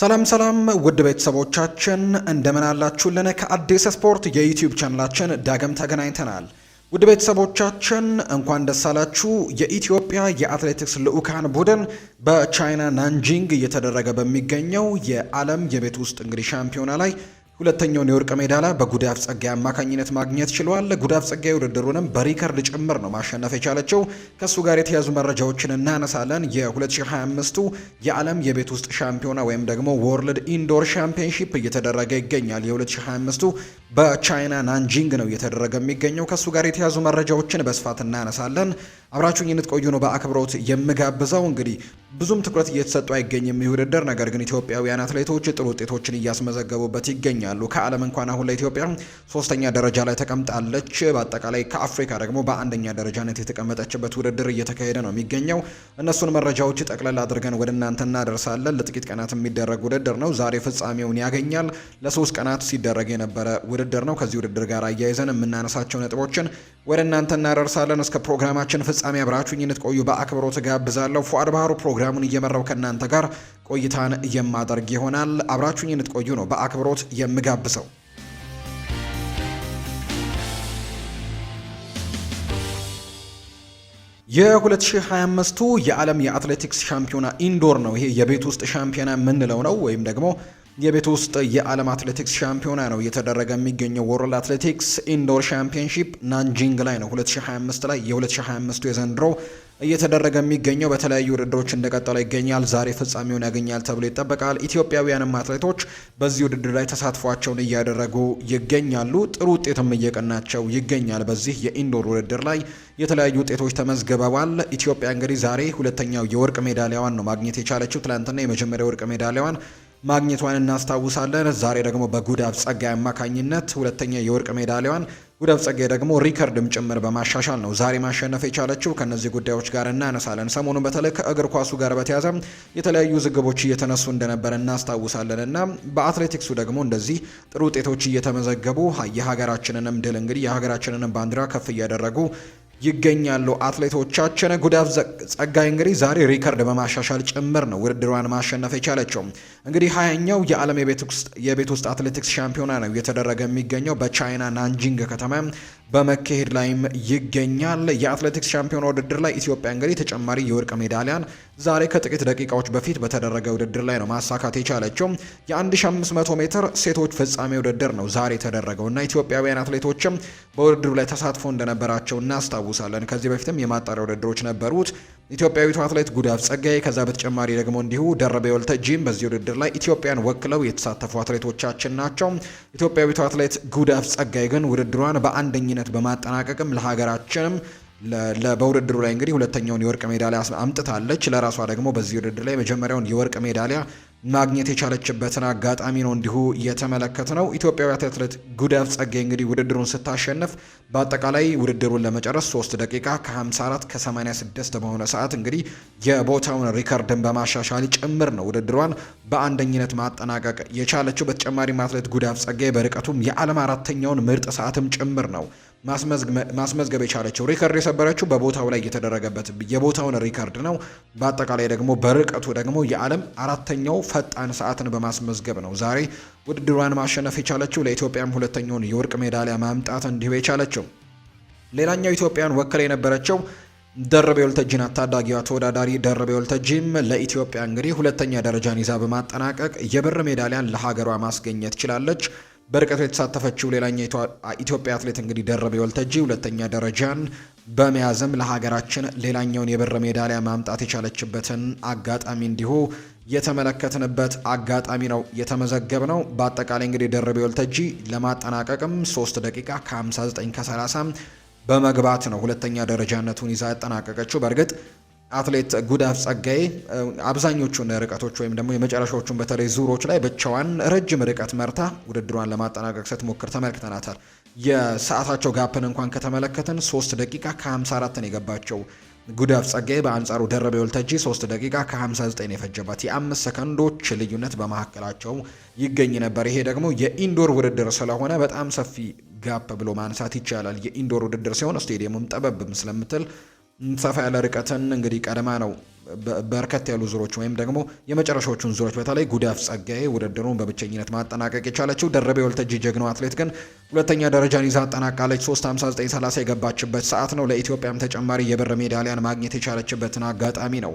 ሰላም ሰላም ውድ ቤተሰቦቻችን እንደምን አላችሁልን? ከአዲስ ስፖርት የዩቲዩብ ቻናላችን ዳግም ተገናኝተናል። ውድ ቤተሰቦቻችን እንኳን ደስ አላችሁ። የኢትዮጵያ የአትሌቲክስ ልዑካን ቡድን በቻይና ናንጂንግ እየተደረገ በሚገኘው የዓለም የቤት ውስጥ እንግዲህ ሻምፒዮና ላይ ሁለተኛውን የወርቅ ሜዳላ በጉዳፍ ጸጋይ አማካኝነት ማግኘት ችሏል። ጉዳፍ ጸጋይ ውድድሩንም በሪከርድ ጭምር ነው ማሸነፍ የቻለችው። ከእሱ ጋር የተያዙ መረጃዎችን እናነሳለን። የ2025ቱ የዓለም የቤት ውስጥ ሻምፒዮና ወይም ደግሞ ወርልድ ኢንዶር ሻምፒዮንሺፕ እየተደረገ ይገኛል። የ2025ቱ በቻይና ናንጂንግ ነው እየተደረገ የሚገኘው። ከእሱ ጋር የተያዙ መረጃዎችን በስፋት እናነሳለን። አብራችሁኝ እንድትቆዩ ነው በአክብሮት የምጋብዘው። እንግዲህ ብዙም ትኩረት እየተሰጡ አይገኝም ይህ ውድድር፣ ነገር ግን ኢትዮጵያውያን አትሌቶች ጥሩ ውጤቶችን እያስመዘገቡበት ይገኛሉ። ከዓለም እንኳን አሁን ላይ ኢትዮጵያ ሶስተኛ ደረጃ ላይ ተቀምጣለች። በአጠቃላይ ከአፍሪካ ደግሞ በአንደኛ ደረጃነት የተቀመጠችበት ውድድር እየተካሄደ ነው የሚገኘው። እነሱን መረጃዎች ጠቅለል አድርገን ወደ እናንተ እናደርሳለን። ለጥቂት ቀናት የሚደረግ ውድድር ነው። ዛሬ ፍጻሜውን ያገኛል። ለሶስት ቀናት ሲደረግ የነበረ ውድድር ነው። ከዚህ ውድድር ጋር አያይዘን የምናነሳቸው ነጥቦችን ወደ እናንተ እናደርሳለን። እስከ ፕሮግራማችን ፍጻሜ አብራችሁኝ እንድትቆዩ በአክብሮት ጋብዛለሁ። ፉአድ ባህሩ ፕሮግራሙን እየመራው ከእናንተ ጋር ቆይታን የማደርግ ይሆናል። አብራችሁኝ እንድትቆዩ ነው በአክብሮት የምጋብዘው። የ2025ቱ የዓለም የአትሌቲክስ ሻምፒዮና ኢንዶር ነው። ይሄ የቤት ውስጥ ሻምፒዮና የምንለው ነው ወይም ደግሞ የቤት ውስጥ የዓለም አትሌቲክስ ሻምፒዮና ነው እየተደረገ የሚገኘው። ወርልድ አትሌቲክስ ኢንዶር ሻምፒዮንሺፕ ናንጂንግ ላይ ነው 2025 ላይ የ2025ቱ የዘንድሮ እየተደረገ የሚገኘው በተለያዩ ውድድሮች እንደቀጠለ ይገኛል። ዛሬ ፍጻሜውን ያገኛል ተብሎ ይጠበቃል። ኢትዮጵያውያንም አትሌቶች በዚህ ውድድር ላይ ተሳትፏቸውን እያደረጉ ይገኛሉ። ጥሩ ውጤትም እየቀናቸው ይገኛል። በዚህ የኢንዶር ውድድር ላይ የተለያዩ ውጤቶች ተመዝግበዋል። ኢትዮጵያ እንግዲህ ዛሬ ሁለተኛው የወርቅ ሜዳሊያዋን ነው ማግኘት የቻለችው። ትላንትና የመጀመሪያ ወርቅ ሜዳሊያዋን ማግኘቷን እናስታውሳለን። ዛሬ ደግሞ በጉዳፍ ጸጋይ አማካኝነት ሁለተኛ የወርቅ ሜዳሊያዋን ጉዳፍ ጸጋይ ደግሞ ሪከርድም ጭምር በማሻሻል ነው ዛሬ ማሸነፍ የቻለችው። ከእነዚህ ጉዳዮች ጋር እናነሳለን። ሰሞኑን በተለይ ከእግር ኳሱ ጋር በተያዘ የተለያዩ ዝግቦች እየተነሱ እንደነበረ እናስታውሳለን እና በአትሌቲክሱ ደግሞ እንደዚህ ጥሩ ውጤቶች እየተመዘገቡ የሀገራችንንም ድል እንግዲህ የሀገራችንንም ባንዲራ ከፍ እያደረጉ ይገኛሉ። አትሌቶቻችን ጉዳፍ ጸጋይ እንግዲህ ዛሬ ሪከርድ በማሻሻል ጭምር ነው ውድድሯን ማሸነፍ የቻለችው። እንግዲህ ሀያኛው የዓለም የቤት ውስጥ አትሌቲክስ ሻምፒዮና ነው እየተደረገ የሚገኘው በቻይና ናንጂንግ ከተማ በመካሄድ ላይም ይገኛል። የአትሌቲክስ ሻምፒዮን ውድድር ላይ ኢትዮጵያ እንግዲህ ተጨማሪ የወርቅ ሜዳሊያን ዛሬ ከጥቂት ደቂቃዎች በፊት በተደረገ ውድድር ላይ ነው ማሳካት የቻለችው። የ1500 ሜትር ሴቶች ፍጻሜ ውድድር ነው ዛሬ የተደረገው እና ኢትዮጵያውያን አትሌቶችም በውድድሩ ላይ ተሳትፎ እንደነበራቸው እናስታውሳለን። ከዚህ በፊትም የማጣሪያ ውድድሮች ነበሩት። ኢትዮጵያዊቱ አትሌት ጉዳፍ ጸጋዬ ከዛ በተጨማሪ ደግሞ እንዲሁ ደረቤ ወልተ ጂም በዚህ ውድድር ላይ ኢትዮጵያን ወክለው የተሳተፉ አትሌቶቻችን ናቸው። ኢትዮጵያዊቱ አትሌት ጉዳፍ ጸጋዬ ግን ውድድሯን በአንደኝነት በማጠናቀቅም ለሀገራችንም በውድድሩ ላይ እንግዲህ ሁለተኛውን የወርቅ ሜዳሊያ አምጥታለች። ለራሷ ደግሞ በዚህ ውድድር ላይ መጀመሪያውን የወርቅ ሜዳሊያ ማግኘት የቻለችበትን አጋጣሚ ነው እንዲሁ እየተመለከት ነው። ኢትዮጵያዊ አትሌት ጉዳፍ ጸጌ እንግዲህ ውድድሩን ስታሸንፍ በአጠቃላይ ውድድሩን ለመጨረስ 3 ደቂቃ ከ54 ከ86 በሆነ ሰዓት እንግዲህ የቦታውን ሪከርድን በማሻሻል ጭምር ነው ውድድሯን በአንደኝነት ማጠናቀቅ የቻለችው። በተጨማሪም አትሌት ጉዳፍ ጸጌ በርቀቱም የዓለም አራተኛውን ምርጥ ሰዓትም ጭምር ነው ማስመዝገብ የቻለችው ሪከርድ የሰበረችው በቦታው ላይ የተደረገበት የቦታውን ሪከርድ ነው። በአጠቃላይ ደግሞ በርቀቱ ደግሞ የዓለም አራተኛው ፈጣን ሰዓትን በማስመዝገብ ነው ዛሬ ውድድሯን ማሸነፍ የቻለችው። ለኢትዮጵያም ሁለተኛውን የወርቅ ሜዳሊያ ማምጣት እንዲሁ የቻለችው ሌላኛው ኢትዮጵያን ወክል የነበረችው ደረቤ ወልተጂ ናት። ታዳጊዋ ተወዳዳሪ ደረቤ ወልተጂም ለኢትዮጵያ እንግዲህ ሁለተኛ ደረጃን ይዛ በማጠናቀቅ የብር ሜዳሊያን ለሀገሯ ማስገኘት ችላለች። በርቀቱ የተሳተፈችው ሌላኛው ኢትዮጵያ አትሌት እንግዲህ ደረቤ ወልተጂ ሁለተኛ ደረጃን በመያዝም ለሀገራችን ሌላኛውን የብር ሜዳሊያ ማምጣት የቻለችበትን አጋጣሚ እንዲሁ የተመለከትንበት አጋጣሚ ነው የተመዘገብ ነው። በአጠቃላይ እንግዲህ ደረቤ ወልተጂ ለማጠናቀቅም 3 ደቂቃ ከ59 ከ30 በመግባት ነው ሁለተኛ ደረጃነቱን ይዛ ያጠናቀቀችው። በእርግጥ አትሌት ጉዳፍ ጸጋይ አብዛኞቹን ርቀቶች ወይም ደግሞ የመጨረሻዎቹን በተለይ ዙሮች ላይ ብቻዋን ረጅም ርቀት መርታ ውድድሯን ለማጠናቀቅ ስትሞክር ተመልክተናታል። የሰዓታቸው ጋፕን እንኳን ከተመለከትን 3 ደቂቃ ከ54 ነው የገባቸው ጉዳፍ ጸጋይ። በአንጻሩ ደረቤ ወልተጂ 3 ደቂቃ ከ59 የፈጀባት የአምስት ሰከንዶች ልዩነት በመካከላቸው ይገኝ ነበር። ይሄ ደግሞ የኢንዶር ውድድር ስለሆነ በጣም ሰፊ ጋፕ ብሎ ማንሳት ይቻላል። የኢንዶር ውድድር ሲሆን ስቴዲየሙም ጠበብም ስለምትል ሰፋ ያለ ርቀትን እንግዲህ ቀድማ ነው በርከት ያሉ ዙሮች ወይም ደግሞ የመጨረሻዎቹን ዙሮች በተለይ ጉዳፍ ጸጋዬ ውድድሩን በብቸኝነት ማጠናቀቅ የቻለችው ደረቤ ወልተጂ ጀግናው አትሌት ግን ሁለተኛ ደረጃን ይዛ አጠናቃለች። 3:59:30 የገባችበት ሰዓት ነው። ለኢትዮጵያም ተጨማሪ የብር ሜዳሊያን ማግኘት የቻለችበትን አጋጣሚ ነው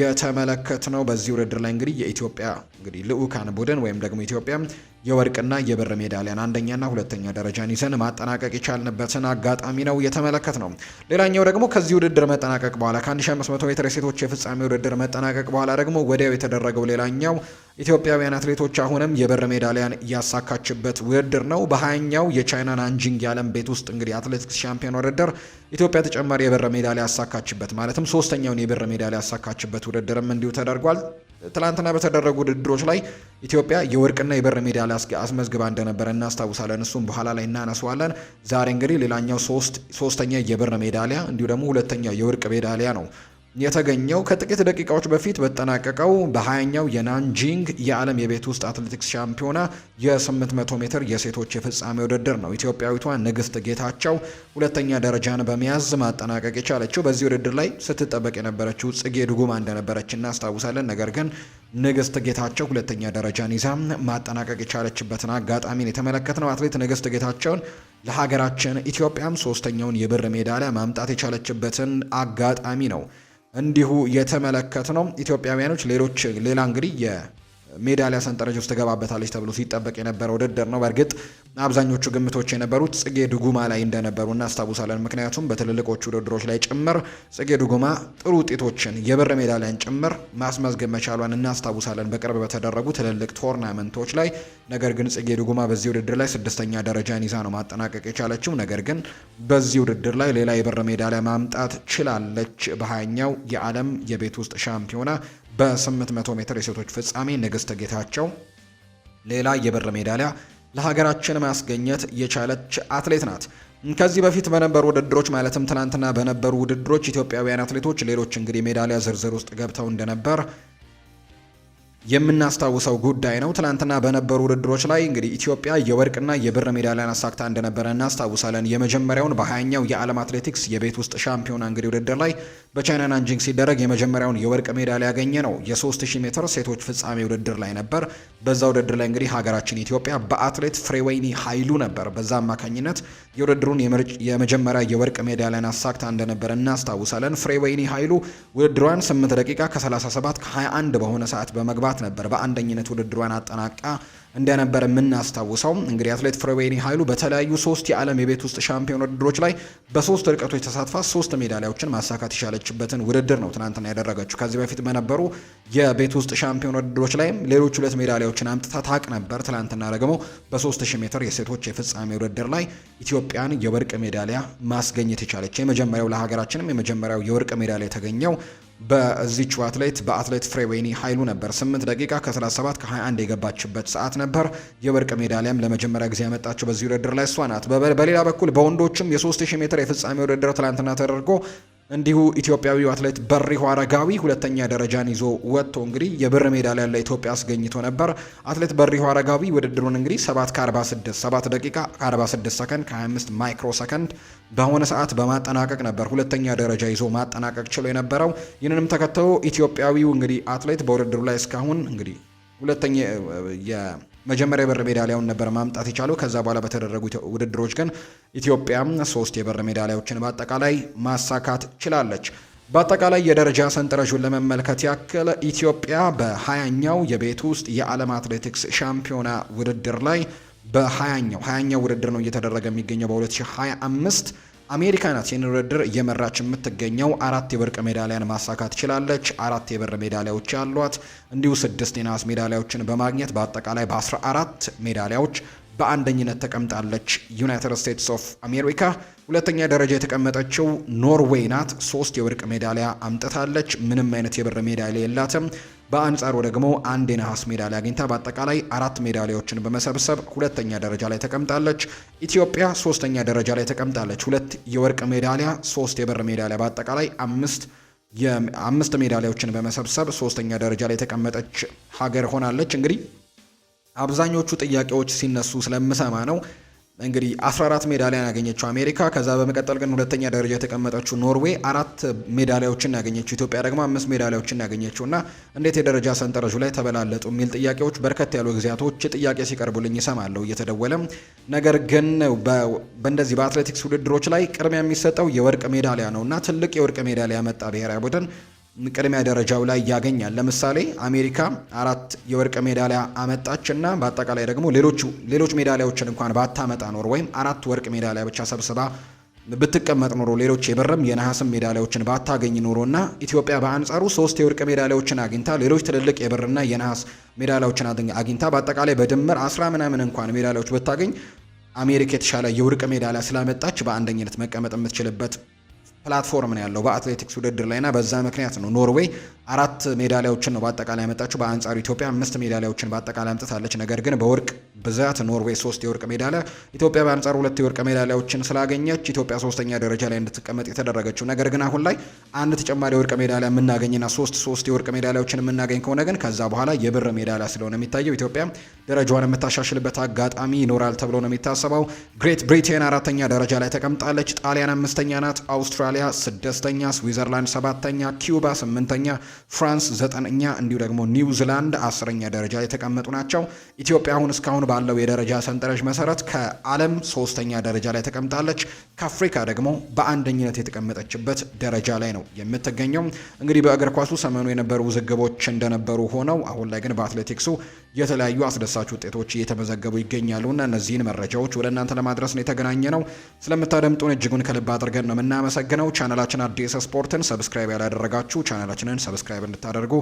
የተመለከት ነው። በዚህ ውድድር ላይ እንግዲህ የኢትዮጵያ እንግዲህ ልዑካን ቡድን ወይም ደግሞ ኢትዮጵያም የወርቅና የብር ሜዳሊያን አንደኛና ሁለተኛ ደረጃን ይዘን ማጠናቀቅ የቻልንበትን አጋጣሚ ነው የተመለከት ነው። ሌላኛው ደግሞ ከዚህ ውድድር መጠናቀቅ በኋላ ከ1500 ሜትር ሴቶች የፍጻሜ ውድድር መጠናቀቅ በኋላ ደግሞ ወዲያው የተደረገው ሌላኛው ኢትዮጵያውያን አትሌቶች አሁንም የብር ሜዳሊያን እያሳካችበት ውድድር ነው። በሀያኛው የቻይና ናንጂንግ የዓለም ቤት ውስጥ እንግዲህ አትሌቲክስ ሻምፒዮን ውድድር ኢትዮጵያ ተጨማሪ የብር ሜዳሊያ ያሳካችበት ማለትም ሶስተኛውን የብር ሜዳሊያ ያሳካችበት ውድድርም እንዲሁ ተደርጓል። ትላንትና በተደረጉ ውድድሮች ላይ ኢትዮጵያ የወርቅና የበር ሜዳሊያ አስመዝግባ እንደነበረ እናስታውሳለን። እሱም በኋላ ላይ እናነሳዋለን። ዛሬ እንግዲህ ሌላኛው ሶስተኛ የበር ሜዳሊያ እንዲሁ ደግሞ ሁለተኛ የወርቅ ሜዳሊያ ነው የተገኘው ከጥቂት ደቂቃዎች በፊት በተጠናቀቀው በሀያኛው የናንጂንግ የዓለም የቤት ውስጥ አትሌቲክስ ሻምፒዮና የ800 ሜትር የሴቶች የፍጻሜ ውድድር ነው። ኢትዮጵያዊቷ ንግስት ጌታቸው ሁለተኛ ደረጃን በመያዝ ማጠናቀቅ የቻለችው በዚህ ውድድር ላይ ስትጠበቅ የነበረችው ጽጌ ድጉማ እንደነበረች እናስታውሳለን። ነገር ግን ንግስት ጌታቸው ሁለተኛ ደረጃን ይዛ ማጠናቀቅ የቻለችበትን አጋጣሚን ነው። አትሌት ንግስት ጌታቸውን ለሀገራችን ኢትዮጵያም ሶስተኛውን የብር ሜዳሊያ ማምጣት የቻለችበትን አጋጣሚ ነው እንዲሁ የተመለከት ነው። ኢትዮጵያውያኖች ሌሎች ሌላ እንግዲህ ሜዳሊያ ሰንጠረዥ ውስጥ ትገባበታለች ተብሎ ሲጠበቅ የነበረ ውድድር ነው። በእርግጥ አብዛኞቹ ግምቶች የነበሩት ጽጌ ድጉማ ላይ እንደነበሩ እናስታውሳለን። ምክንያቱም በትልልቆቹ ውድድሮች ላይ ጭምር ጽጌ ድጉማ ጥሩ ውጤቶችን የብር ሜዳሊያን ጭምር ማስመዝገብ መቻሏን እናስታውሳለን በቅርብ በተደረጉ ትልልቅ ቶርናመንቶች ላይ። ነገር ግን ጽጌ ድጉማ በዚህ ውድድር ላይ ስድስተኛ ደረጃን ይዛ ነው ማጠናቀቅ የቻለችው። ነገር ግን በዚህ ውድድር ላይ ሌላ የብር ሜዳሊያ ማምጣት ችላለች። በሀያኛው የዓለም የቤት ውስጥ ሻምፒዮና በ800 ሜትር የሴቶች ፍጻሜ ንግስት ጌታቸው ሌላ የብር ሜዳሊያ ለሀገራችን ማስገኘት የቻለች አትሌት ናት። ከዚህ በፊት በነበሩ ውድድሮች ማለትም ትናንትና በነበሩ ውድድሮች ኢትዮጵያውያን አትሌቶች ሌሎች እንግዲህ ሜዳሊያ ዝርዝር ውስጥ ገብተው እንደነበር የምናስታውሰው ጉዳይ ነው። ትናንትና በነበሩ ውድድሮች ላይ እንግዲህ ኢትዮጵያ የወርቅና የብር ሜዳሊያን አሳክታ እንደነበረ እናስታውሳለን። የመጀመሪያውን በሀያኛው የዓለም አትሌቲክስ የቤት ውስጥ ሻምፒዮና እንግዲህ ውድድር ላይ በቻይና ናንጂንግ ሲደረግ የመጀመሪያውን የወርቅ ሜዳሊያ ያገኘ ነው። የ3000 ሜትር ሴቶች ፍጻሜ ውድድር ላይ ነበር። በዛ ውድድር ላይ እንግዲህ ሀገራችን ኢትዮጵያ በአትሌት ፍሬወይኒ ኃይሉ ነበር በዛ አማካኝነት የውድድሩን የመጀመሪያ የወርቅ ሜዳሊያን አሳክታ እንደነበር እናስታውሳለን። ፍሬወይኒ ኃይሉ ውድድሯን 8 ደቂቃ ከ37 ከ21 በሆነ ሰዓት በመግባት ነበር በአንደኝነት ውድድሯን አጠናቃ እንደነበር የምናስታውሰው እንግዲህ አትሌት ፍሮቤኒ ኃይሉ በተለያዩ ሶስት የዓለም የቤት ውስጥ ሻምፒዮን ውድድሮች ላይ በሶስት ርቀቶች ተሳትፋ ሶስት ሜዳሊያዎችን ማሳካት የቻለችበትን ውድድር ነው ትናንትና ያደረገችው። ከዚህ በፊት በነበሩ የቤት ውስጥ ሻምፒዮን ውድድሮች ላይም ሌሎች ሁለት ሜዳሊያዎችን አምጥታ ታቅ ነበር። ትናንትና ደግሞ በ ሺህ ሜትር የሴቶች የፍጻሜ ውድድር ላይ ኢትዮጵያን የወርቅ ሜዳሊያ ማስገኘት የቻለች የመጀመሪያው ለሀገራችንም የመጀመሪያው የወርቅ ሜዳሊያ የተገኘው በዚህ አትሌት በአትሌት ፍሬዌኒ ኃይሉ ነበር። 8 ደቂቃ ከ37 ከ21 የገባችበት ሰዓት ነበር። የወርቅ ሜዳሊያም ለመጀመሪያ ጊዜ ያመጣቸው በዚህ ውድድር ላይ እሷ ናት። በሌላ በኩል በወንዶችም የ3000 ሜትር የፍጻሜ ውድድር ትላንትና ተደርጎ እንዲሁ ኢትዮጵያዊው አትሌት በሪሁ አረጋዊ ሁለተኛ ደረጃን ይዞ ወጥቶ እንግዲህ የብር ሜዳሊያ ለኢትዮጵያ አስገኝቶ ነበር። አትሌት በሪሁ አረጋዊ ውድድሩን እንግዲህ 7 ከ46 7 ደቂቃ 46 ሰከንድ ከ25 ማይክሮ ሰከንድ በሆነ ሰዓት በማጠናቀቅ ነበር ሁለተኛ ደረጃ ይዞ ማጠናቀቅ ችሎ የነበረው። ይህንንም ተከትሎ ኢትዮጵያዊው እንግዲህ አትሌት በውድድሩ ላይ እስካሁን እንግዲህ ሁለተኛ መጀመሪያ የበር ሜዳሊያውን ነበር ማምጣት የቻለው። ከዛ በኋላ በተደረጉ ውድድሮች ግን ኢትዮጵያም ሶስት የበር ሜዳሊያዎችን በአጠቃላይ ማሳካት ችላለች። በአጠቃላይ የደረጃ ሰንጠረዡን ለመመልከት ያክል ኢትዮጵያ በሀያኛው የቤት ውስጥ የዓለም አትሌቲክስ ሻምፒዮና ውድድር ላይ በሀያኛው ሀያኛው ውድድር ነው እየተደረገ የሚገኘው በ2025 አሜሪካ ናት ይህን ውድድር እየመራች የምትገኘው። አራት የወርቅ ሜዳሊያን ማሳካት ችላለች። አራት የብር ሜዳሊያዎች ያሏት እንዲሁ ስድስት የናስ ሜዳሊያዎችን በማግኘት በአጠቃላይ በአስራ አራት ሜዳሊያዎች በአንደኝነት ተቀምጣለች። ዩናይትድ ስቴትስ ኦፍ አሜሪካ ሁለተኛ ደረጃ የተቀመጠችው ኖርዌይ ናት። ሶስት የወርቅ ሜዳሊያ አምጥታለች። ምንም አይነት የብር ሜዳሊያ የላትም። በአንጻሩ ደግሞ አንድ የነሐስ ሜዳሊያ አግኝታ በአጠቃላይ አራት ሜዳሊያዎችን በመሰብሰብ ሁለተኛ ደረጃ ላይ ተቀምጣለች። ኢትዮጵያ ሶስተኛ ደረጃ ላይ ተቀምጣለች። ሁለት የወርቅ ሜዳሊያ፣ ሶስት የብር ሜዳሊያ በአጠቃላይ አምስት የአምስት ሜዳሊያዎችን በመሰብሰብ ሶስተኛ ደረጃ ላይ የተቀመጠች ሀገር ሆናለች። እንግዲህ አብዛኞቹ ጥያቄዎች ሲነሱ ስለምሰማ ነው እንግዲህ 14 ሜዳሊያን ያገኘችው አሜሪካ፣ ከዛ በመቀጠል ግን ሁለተኛ ደረጃ የተቀመጠችው ኖርዌይ አራት ሜዳሊያዎችን ያገኘችው፣ ኢትዮጵያ ደግሞ አምስት ሜዳሊያዎችን ያገኘችው እና እንዴት የደረጃ ሰንጠረዡ ላይ ተበላለጡ የሚል ጥያቄዎች በርከት ያሉ ጊዜያቶች ጥያቄ ሲቀርቡልኝ ይሰማለሁ እየተደወለም። ነገር ግን በእንደዚህ በአትሌቲክስ ውድድሮች ላይ ቅድሚያ የሚሰጠው የወርቅ ሜዳሊያ ነው እና ትልቅ የወርቅ ሜዳሊያ መጣ ብሔራዊ ቡድን ቅድሚያ ደረጃው ላይ ያገኛል። ለምሳሌ አሜሪካ አራት የወርቅ ሜዳሊያ አመጣች እና በአጠቃላይ ደግሞ ሌሎች ሜዳሊያዎችን እንኳን ባታመጣ ኖር ወይም አራት ወርቅ ሜዳሊያ ብቻ ሰብስባ ብትቀመጥ ኖሮ ሌሎች የብርም የነሐስም ሜዳሊያዎችን ባታገኝ ኖሮ እና ኢትዮጵያ በአንጻሩ ሶስት የወርቅ ሜዳሊያዎችን አግኝታ ሌሎች ትልልቅ የብርና የነሐስ ሜዳሊያዎችን አግኝታ በአጠቃላይ በድምር አስራ ምናምን እንኳን ሜዳሊያዎች ብታገኝ አሜሪካ የተሻለ የወርቅ ሜዳሊያ ስላመጣች በአንደኝነት መቀመጥ የምትችልበት ፕላትፎርም ነው ያለው በአትሌቲክስ ውድድር ላይና በዛ ምክንያት ነው ኖርዌይ አራት ሜዳሊያዎችን ነው በአጠቃላይ ያመጣችው። በአንጻሩ ኢትዮጵያ አምስት ሜዳሊያዎችን በአጠቃላይ አምጥታለች። ነገር ግን በወርቅ ብዛት ኖርዌይ ሶስት የወርቅ ሜዳሊያ ኢትዮጵያ በአንጻሩ ሁለት የወርቅ ሜዳሊያዎችን ስላገኘች ኢትዮጵያ ሶስተኛ ደረጃ ላይ እንድትቀመጥ የተደረገችው። ነገር ግን አሁን ላይ አንድ ተጨማሪ የወርቅ ሜዳሊያ የምናገኝና ሶስት ሶስት የወርቅ ሜዳሊያዎችን የምናገኝ ከሆነ ግን ከዛ በኋላ የብር ሜዳሊያ ስለሆነ የሚታየው ኢትዮጵያ ደረጃዋን የምታሻሽልበት አጋጣሚ ይኖራል ተብሎ ነው የሚታሰበው። ግሬት ብሪቴን አራተኛ ደረጃ ላይ ተቀምጣለች። ጣሊያን አምስተኛ ናት። አውስትራሊያ ስድስተኛ፣ ስዊዘርላንድ ሰባተኛ፣ ኪዩባ ስምንተኛ፣ ፍራንስ ዘጠነኛ እንዲሁ ደግሞ ኒውዚላንድ አስረኛ ደረጃ ላይ የተቀመጡ ናቸው። ኢትዮጵያ አሁን እስካሁን ባለው የደረጃ ሰንጠረዥ መሰረት ከዓለም ሶስተኛ ደረጃ ላይ ተቀምጣለች። ከአፍሪካ ደግሞ በአንደኝነት የተቀመጠችበት ደረጃ ላይ ነው የምትገኘው። እንግዲህ በእግር ኳሱ ሰሞኑ የነበሩ ውዝግቦች እንደነበሩ ሆነው አሁን ላይ ግን በአትሌቲክሱ የተለያዩ አስደሳች ውጤቶች እየተመዘገቡ ይገኛሉና እነዚህን መረጃዎች ወደ እናንተ ለማድረስ ነው የተገናኘ ነው። ስለምታደምጡን እጅጉን ከልብ አድርገን ነው የምናመሰግነው። ቻናላችን አዲስ ስፖርትን ሰብስክራይብ ያላደረጋችሁ ቻናላችንን ሰብስክራይብ እንድታደርጉ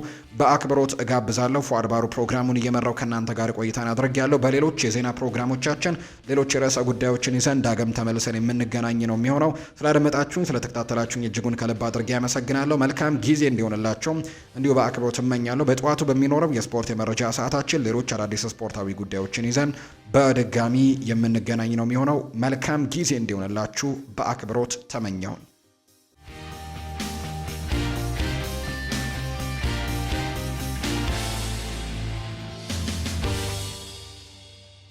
በአክብሮት እጋብዛለሁ። ፏድ ፕሮግራሙን እየመራው ከእናንተ ጋር ቆይታን ያለው በሌሎች የዜና ፕሮግራሞቻችን ሌሎች የርዕሰ ጉዳዮችን ይዘን ዳግም ተመልሰን የምንገናኝ ነው የሚሆነው። ስላደመጣችሁኝ፣ ስለተከታተላችሁኝ እጅጉን ከልብ አድርጌ ያመሰግናለሁ። መልካም ጊዜ እንዲሆንላቸውም እንዲሁ በአክብሮት እመኛለሁ። በጠዋቱ በሚኖረው የስፖርት የመረጃ ሰዓታችን ስለምንችል ሌሎች አዳዲስ ስፖርታዊ ጉዳዮችን ይዘን በድጋሚ የምንገናኝ ነው የሚሆነው። መልካም ጊዜ እንዲሆንላችሁ በአክብሮት ተመኘሁን።